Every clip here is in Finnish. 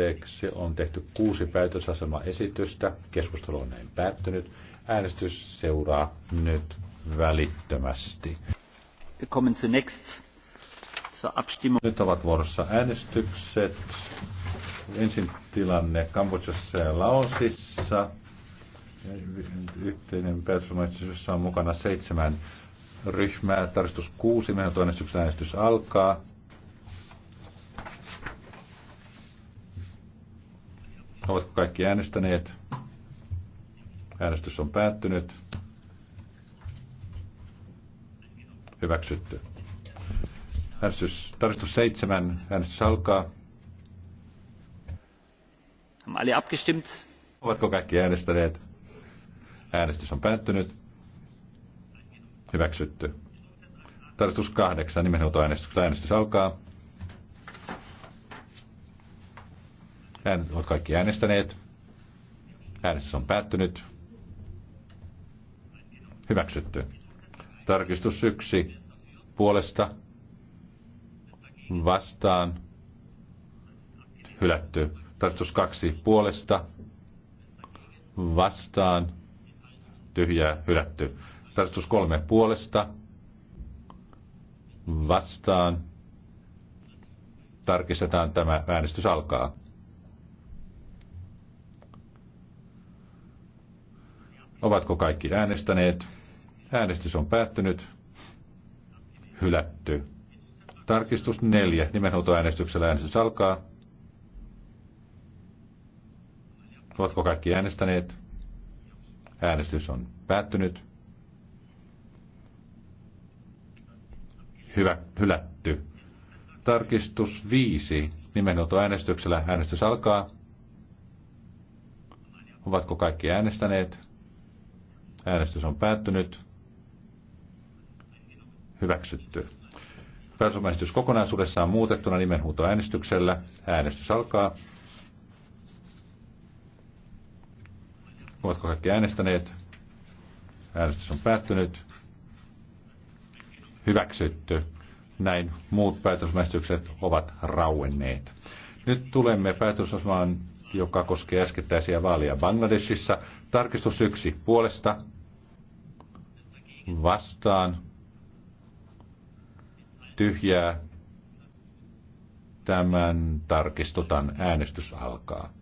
päätteeksi on tehty kuusi päätösasemaesitystä. Keskustelu on näin päättynyt. Äänestys seuraa nyt välittömästi. Nyt ovat vuorossa äänestykset. Ensin tilanne Kambodžassa ja Laosissa. Yhteinen päätösasemaesitys on mukana seitsemän ryhmää. Tarkistus kuusi. toinen äänestys alkaa. Ovatko kaikki äänestäneet? Äänestys on päättynyt. Hyväksytty. Äänestys, tarkistus seitsemän. Äänestys alkaa. Haben alle abgestimmt? Ovatko kaikki äänestäneet? Äänestys on päättynyt. Hyväksytty. Tarkistus kahdeksan. Nimenhuutoäänestyksellä äänestys alkaa. Olet kaikki äänestäneet. Äänestys on päättynyt. Hyväksytty. Tarkistus yksi puolesta vastaan hylätty. Tarkistus kaksi puolesta vastaan tyhjää hylätty. Tarkistus kolme puolesta vastaan tarkistetaan tämä äänestys alkaa. Ovatko kaikki äänestäneet? Äänestys on päättynyt. Hylätty. Tarkistus neljä. Nimenhuutoäänestyksellä äänestys alkaa. Ovatko kaikki äänestäneet? Äänestys on päättynyt. Hyvä, hylätty. Tarkistus 5. Nimenhuutoäänestyksellä äänestys alkaa. Ovatko kaikki äänestäneet? Äänestys on päättynyt. Hyväksytty. Päätösomaisitys kokonaisuudessaan muutettuna nimenhuutoäänestyksellä. Äänestys alkaa. Ovatko kaikki äänestäneet? Äänestys on päättynyt. Hyväksytty. Näin muut päätösomaisitykset ovat rauenneet. Nyt tulemme päätösosmaan joka koskee äskettäisiä vaaleja Bangladesissa. Tarkistus yksi puolesta vastaan tyhjää. Tämän tarkistutan. Äänestys alkaa.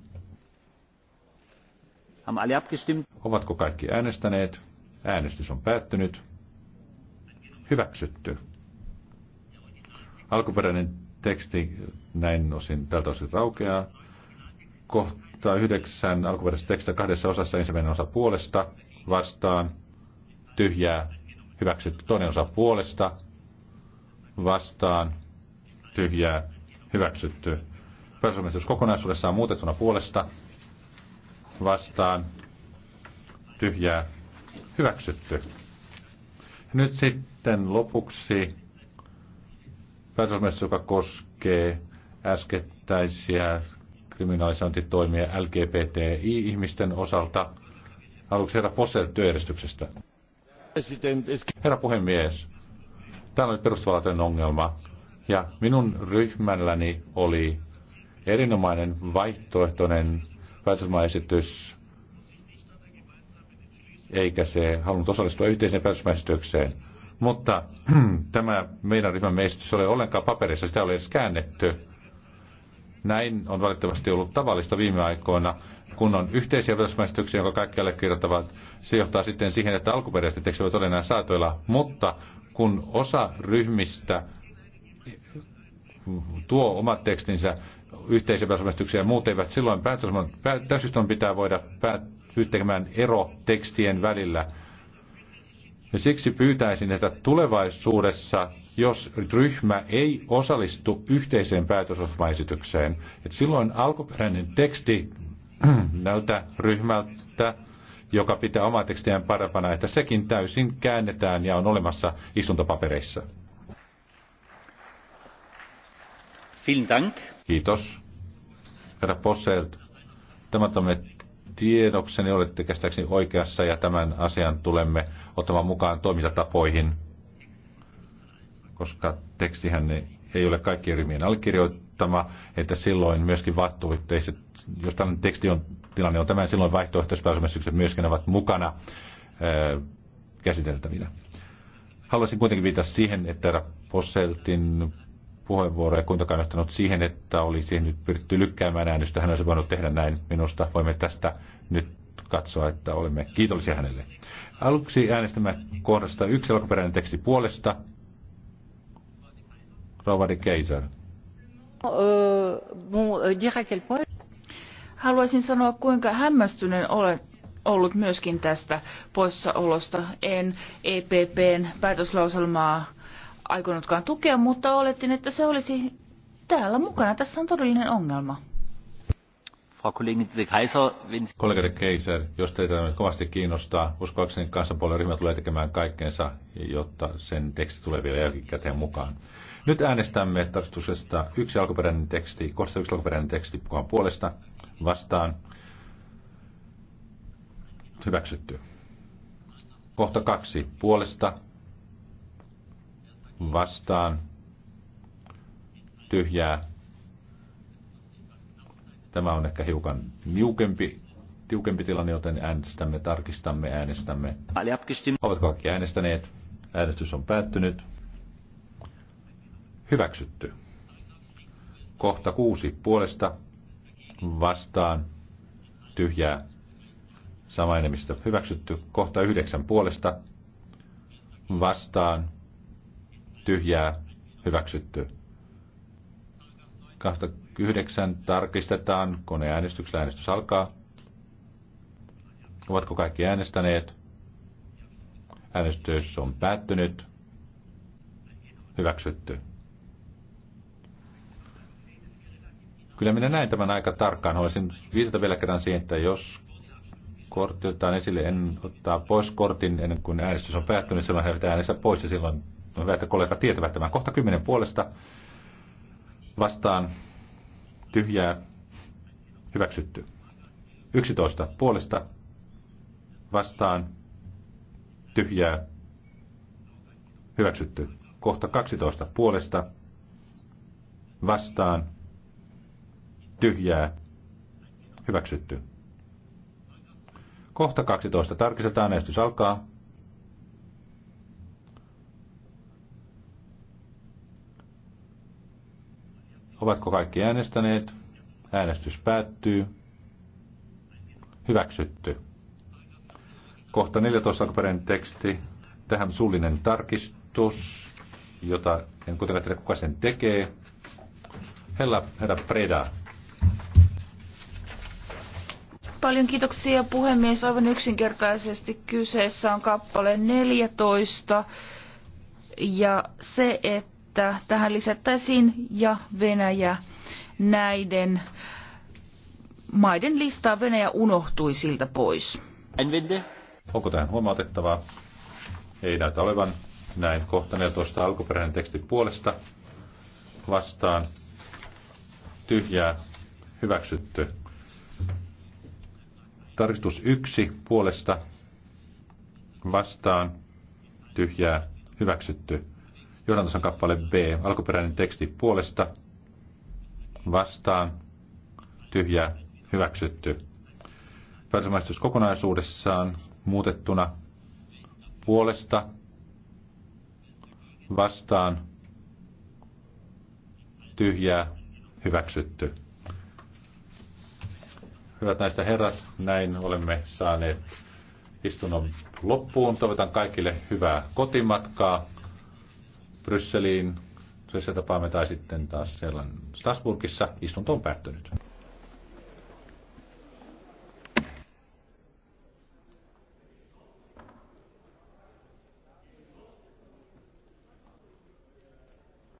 Ovatko kaikki äänestäneet? Äänestys on päättynyt. Hyväksytty. Alkuperäinen teksti näin osin tältä osin raukeaa kohta yhdeksän alkuperäisestä tekstistä kahdessa osassa ensimmäinen osa puolesta vastaan tyhjää hyväksytty. Toinen osa puolesta vastaan tyhjää hyväksytty. Pääsomistus kokonaisuudessaan muutettuna puolesta vastaan tyhjää hyväksytty. Nyt sitten lopuksi päätösomistus, joka koskee äskettäisiä kriminalisointitoimia LGBTI-ihmisten osalta. Haluatko herra Fosse työjärjestyksestä? Herra puhemies, tämä oli perustavallinen ongelma. Ja minun ryhmälläni oli erinomainen vaihtoehtoinen päätösmaesitys, eikä se halunnut osallistua yhteiseen päätösmaesitykseen. Mutta tämä meidän ryhmämme esitys oli ollenkaan paperissa, sitä oli edes käännetty. Näin on valitettavasti ollut tavallista viime aikoina, kun on yhteisiä verotusmäistyksiä, jotka kaikki allekirjoittavat. Se johtaa sitten siihen, että alkuperäiset tekstit ovat enää saatoilla, mutta kun osa ryhmistä tuo omat tekstinsä yhteisiä verotusmäistyksiä ja muut eivät, silloin täysistön pitää voida tekemään ero tekstien välillä. Ja siksi pyytäisin, että tulevaisuudessa jos ryhmä ei osallistu yhteiseen päätösohjelmaesitykseen. Silloin alkuperäinen teksti näiltä ryhmältä, joka pitää omaa tekstiään parempana, että sekin täysin käännetään ja on olemassa istuntopapereissa. Dank. Kiitos. Herra Posselt, tämä me tiedokseni, olette käsittääkseni oikeassa ja tämän asian tulemme ottamaan mukaan toimintatapoihin koska tekstihän ei ole kaikkien ryhmien allekirjoittama, että silloin myöskin vastuutteiset, jos tällainen teksti on, tilanne on tämä, niin silloin vaihtoehtoispääsemysykset myöskin ovat mukana ää, äh, käsiteltävinä. Haluaisin kuitenkin viitata siihen, että herra Posseltin ja kuitenkaan johtanut siihen, että olisi nyt pyritty lykkäämään äänestä. Hän olisi voinut tehdä näin. Minusta voimme tästä nyt katsoa, että olemme kiitollisia hänelle. Aluksi äänestämme kohdasta yksi alkuperäinen teksti puolesta Rouva Keiser. Euh, euh, Haluaisin sanoa, kuinka hämmästyneen olet ollut myöskin tästä poissaolosta. En EPPn päätöslauselmaa aikonutkaan tukea, mutta oletin, että se olisi täällä mukana. Tässä on todellinen ongelma. Kollega de Keiser, jos teitä nyt kovasti kiinnostaa, uskoakseni kansanpuolen ryhmä tulee tekemään kaikkeensa, jotta sen teksti tulee vielä jälkikäteen mukaan. Nyt äänestämme tarkistuksesta yksi alkuperäinen teksti, kohta yksi alkuperäinen teksti mukaan puolesta vastaan. Hyväksytty. Kohta kaksi puolesta vastaan tyhjää Tämä on ehkä hiukan niukempi, tiukempi tilanne, joten äänestämme, tarkistamme, äänestämme. Ovat kaikki äänestäneet. Äänestys on päättynyt. Hyväksytty. Kohta kuusi puolesta vastaan tyhjää sama enemmistö hyväksytty. Kohta yhdeksän puolesta vastaan tyhjää hyväksytty. Kahta 9 tarkistetaan. Koneäänestyksellä äänestys alkaa. Ovatko kaikki äänestäneet? Äänestys on päättynyt. Hyväksytty. Kyllä minä näin tämän aika tarkkaan. Haluaisin viitata vielä kerran siihen, että jos kortti otetaan esille, en ottaa pois kortin ennen kuin äänestys on päättynyt, silloin he pitää äänestää pois ja silloin on hyvä, että kollega tietävät tämän. Kohta kymmenen puolesta vastaan tyhjää, hyväksytty. 11 puolesta vastaan, tyhjää, hyväksytty. Kohta 12 puolesta vastaan, tyhjää, hyväksytty. Kohta 12 tarkistetaan, äänestys alkaa. Ovatko kaikki äänestäneet? Äänestys päättyy. Hyväksytty. Kohta 14 alkuperäinen teksti. Tähän suullinen tarkistus, jota en kuitenkaan tiedä kuka sen tekee. Hella, herra Preda. Paljon kiitoksia puhemies. Aivan yksinkertaisesti kyseessä on kappale 14 ja se, että että tähän lisättäisiin ja Venäjä näiden maiden listaa. Venäjä unohtui siltä pois. Onko tähän huomautettavaa? Ei näytä olevan. Näin kohta 14 alkuperäinen teksti puolesta vastaan tyhjää hyväksytty. Tarkistus yksi puolesta vastaan tyhjää hyväksytty. Johdantosan kappale B, alkuperäinen teksti puolesta, vastaan, tyhjä hyväksytty. Päätösmaistus kokonaisuudessaan muutettuna puolesta, vastaan, tyhjä hyväksytty. Hyvät näistä herrat, näin olemme saaneet istunnon loppuun. Toivotan kaikille hyvää kotimatkaa. Brysseliin. Se tapaamme tai sitten taas siellä Strasbourgissa. Istunto on päättynyt.